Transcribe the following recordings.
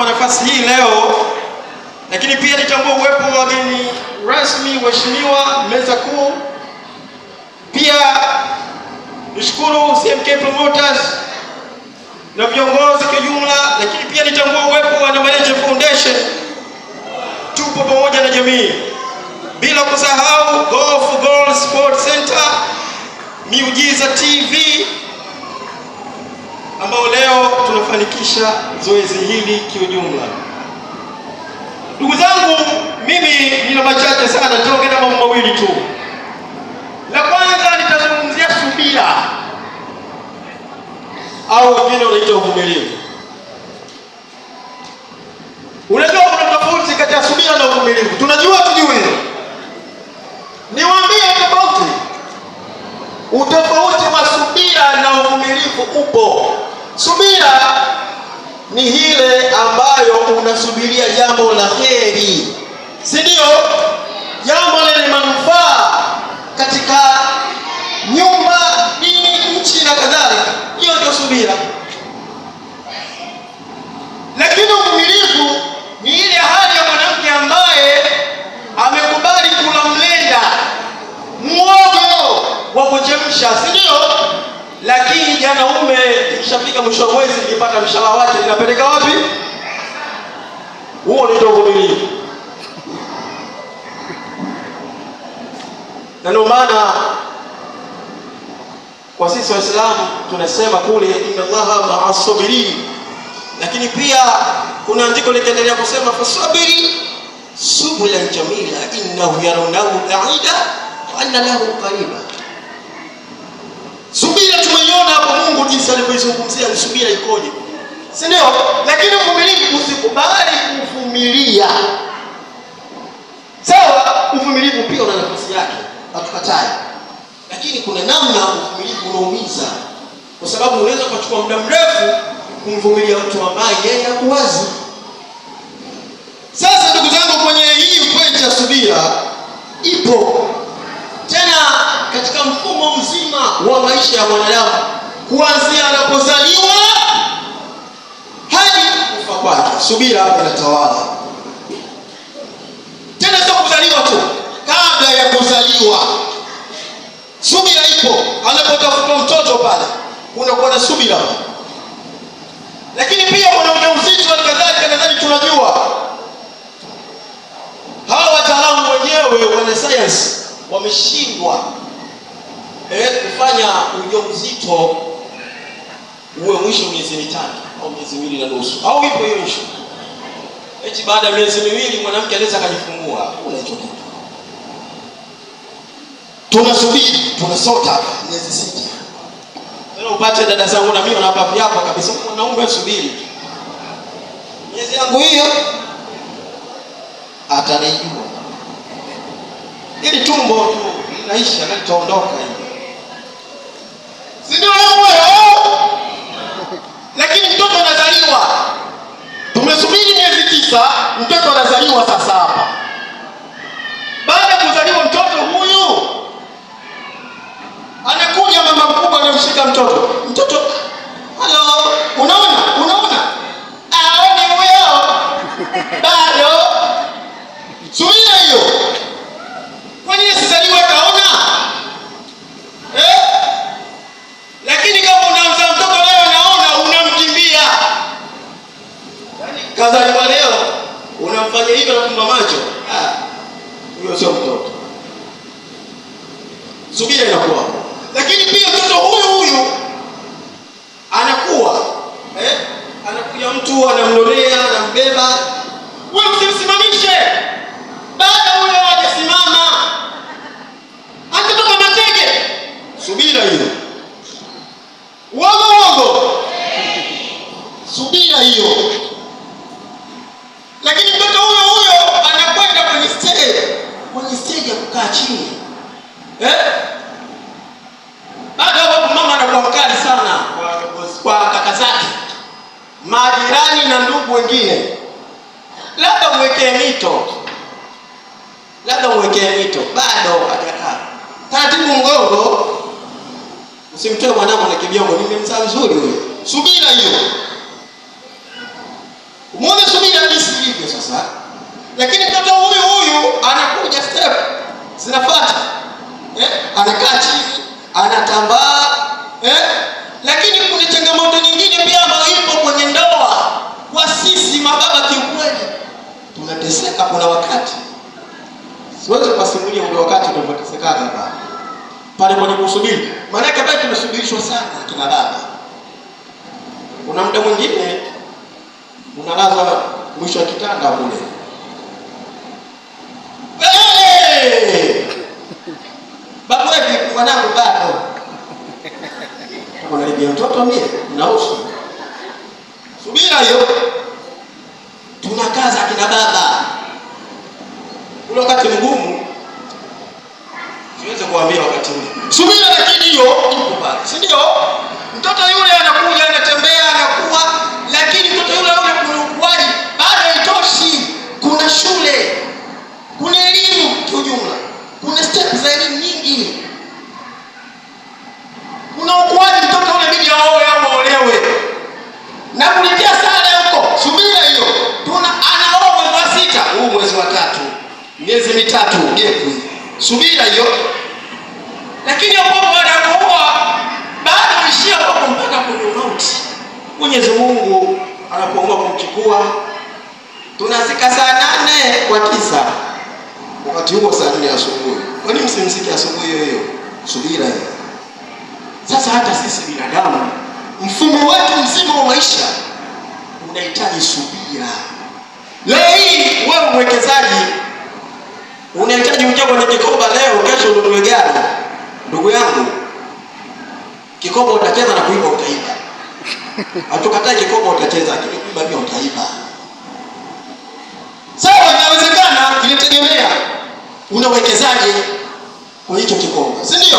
kwa nafasi hii leo, lakini pia nitambua uwepo wa wageni rasmi, waheshimiwa meza kuu. Pia nishukuru CMK Promoters na viongozi kwa jumla, lakini pia nitambua uwepo wa Namalenge Foundation. Tupo pamoja na jamii, bila kusahau Golf Gold Sport Center, Miujiza TV ambao leo tunafanikisha zoezi hili kiujumla. Ndugu zangu, mimi nina machache sana, tuonge na mambo mawili tu. La kwanza nitazungumzia subira au wengine wanaita uvumilivu. Unajua kuna tofauti kati ya subira na uvumilivu, tunajua tujue. Niwaambie tofauti, utofauti wa subira na uvumilivu upo Subira ni hile ambayo unasubiria jambo la heri, si Jambo lenye manufaa katika nyumba, dini, nchi na kadhalika. Hiyo ndio subira. inapeleka wapi? Huo ndio uvumilivu, na ndio maana kwa sisi Waislamu tunasema kule inna Allaha lakini pia kuna andiko likiendelea kusema fasabiri subulan jamila innahu yarawnahu ba'ida wa anna lahu qariba. Subira tumeiona hapo Mungu jinsi alivyoizungumzia subira ikoje si ndio? Lakini uvumilivu, usikubali kuvumilia. Sawa, uvumilivu pia una nafasi yake, hatukatai, lakini kuna namna uvumilivu unaumiza, kwa sababu unaweza ukachukua muda mrefu kumvumilia mtu ambaye yeye hakuwazi. Sasa ndugu zangu, kwenye hii pointi ya subira ipo tena katika mfumo mzima wa maisha ya mwanadamu kuanzia anapozaliwa subira hapa inatawala. Tena sio kuzaliwa tu, kabla ya kuzaliwa subira ipo. Anapotafuta mtoto pale unakuwa na subira, lakini pia kuna ujauzito kadhalika. Nadhani tunajua hawa wataalamu wenyewe wana sayansi wameshindwa eh, kufanya ujauzito uwe mwisho miezi mitatu au miezi miwili na nusu, au ipo hiyo nchi eti baada ya miezi miwili mwanamke anaweza akajifungua. Unaitwa nini? Tunasubiri, tunasota miezi sita tena upate. Dada zangu na mimi na wanapa viapo kabisa, mwanaume asubiri miezi yangu hiyo, atanijua ili tumbo tu inaisha na litaondoka hiyo mtoto mtoto, halo, unaona unaona, aone ah, huyo bado, zuia hiyo. Kwa nini kaona eh? Lakini kama unamza mtoto leo, naona unamkimbia, yani kazaliwa leo unamfanya hivyo na kumba macho, ah, huyo sio mtoto, subira inakuwa lakini pia mtoto huyu huyu anakuwa eh, anakuja mtu anamlolea, anambeba mwingine, labda mwekee mito, labda mwekee mito, bado hajakaa taratibu. Mgongo usimtoe mwanangu na kibiongo, nimemzaa mzuri huyo. Subira hiyo, muone subira jisi ilivyo sasa. Lakini mtoto huyu huyu anakuja step zinafata eh, anakaa chini, anatambaa eh, lakini kuna changamoto nyingine pia sisi mababa kiukweli tunateseka. Kuna wakati siwezi kuwasimulia ule wakati tulivyotesekaga hapa pale kwenye kusubiri, maanake bado tumesubirishwa sana kina baba. Kuna muda mwingine unalaza mwisho wa kitanda kule babu mwanangu bado unalibia mtoto mie subira hiyo tunakaza akina baba. Ule wakati mgumu siweze kuambia wakati ule, subira, lakini hiyo miezi mitatu gepu, subira hiyo. Lakini ukovu anakuua baada ya kuishia mpaka kwenye mauti. Mwenyezi Mungu anapoamua kumchukua, tunafika saa nane kwa tisa, wakati huo saa nne asubuhi. Kwa nini asubuhi hiyo hiyo? Subira hiyo. Sasa hata sisi binadamu, mfumo wetu mzima wa maisha unahitaji subira. Leo hii wewe mwekezaji Unahitaji uingie kwenye kikoba leo, kesho ununue gari. Ndugu yangu, kikoba utacheza na kuiba utaiba. Hatukatai kikoba utacheza, lakini pia utaiba. Sawa, inawezekana, inategemea unawekezaje kwenye hicho kikoba, si ndio?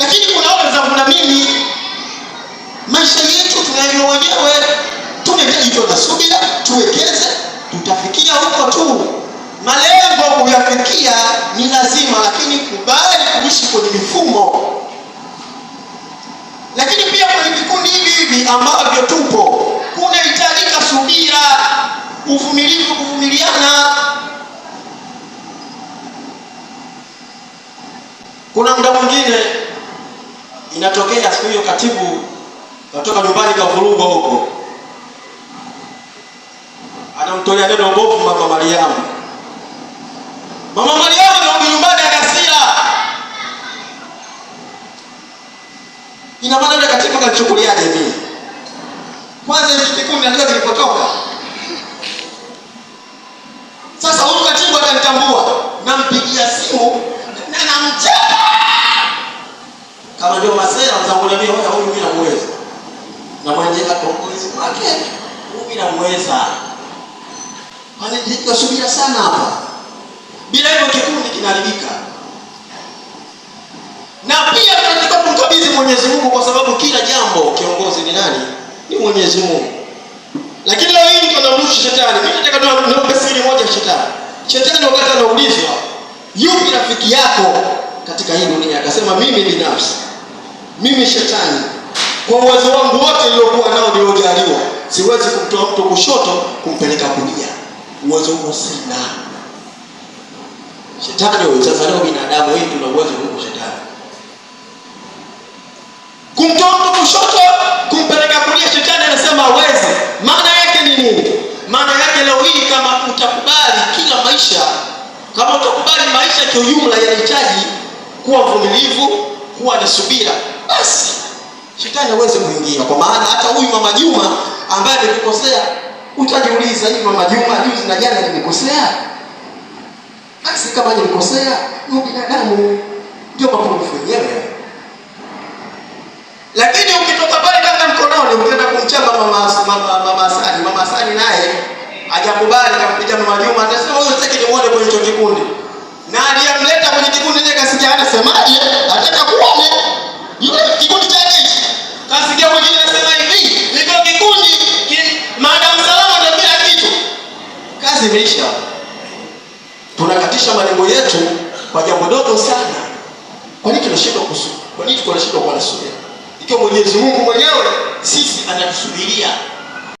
Lakini kuna wale zangu mimi, maisha yetu tunayo wenyewe, tunahitaji tuwe na subira, tuwekeze, tutafikia huko tu malengo kuyafikia ni lazima, lakini kubali kuishi kwenye mifumo. Lakini pia kwenye vikundi hivi hivi ambavyo tupo, kunahitajika subira, uvumilivu, kuvumiliana. Kuna muda mwingine inatokea siku hiyo katibu natoka nyumbani kavurugwa huko, anamtolea neno mbovu mama Mariamu Mama Mariamu anarudi nyumbani ana hasira. Ina maana ndio katika kanichukuliaje mimi? Kwanza elfu kumi najua zilipotoka. Sasa huyu katibu atanitambua, nampigia simu na namchapa. Kama ndio masera zangu mimi hoja huyu mimi namuweza. Na mwenyewe atongozi wake, mimi namuweza. Kwani jikasubira sana hapa. Bila hivyo kikundi kinaharibika, na pia tunataka kumkabidhi Mwenyezi Mungu, kwa sababu kila jambo kiongozi ni nani? Ni Mwenyezi Mungu. Lakini leo hii mtu anamruhusu shetani. Mimi nataka niombe siri moja shetani. Shetani wakati anaulizwa yupi rafiki yako katika hii dunia, akasema mimi binafsi, mimi shetani, kwa uwezo wangu wote niliokuwa nao niliojaliwa, siwezi kumtoa mtu kushoto kumpeleka kulia. Uwezo huo sina Shetani huyo sasa, leo binadamu wengi tuna uwezo huko shetani. Kumtoa mtu kushoto, kumpeleka kulia, shetani anasema hawezi. Maana yake ni nini? Maana yake leo hii kama utakubali kila maisha, kama utakubali maisha kiujumla yanahitaji kuwa mvumilivu, kuwa na subira, basi shetani hawezi kuingia, kwa maana hata huyu Mama Juma ambaye alikukosea, utajiuliza hivi, Mama Juma juzi na jana nimekosea? basi kama nilikosea, ni binadamu, ndio mapungufu yenyewe. Lakini ukitoka pale kama mkononi, ukienda kumchamba mama mama mama Sani, mama Sani naye hajakubali, akampiga mama Juma, anasema huyu sitaki nimuone kwenye hicho kikundi, na aliyemleta kwenye kikundi kile kasikia anasemaje, ataka kuone yule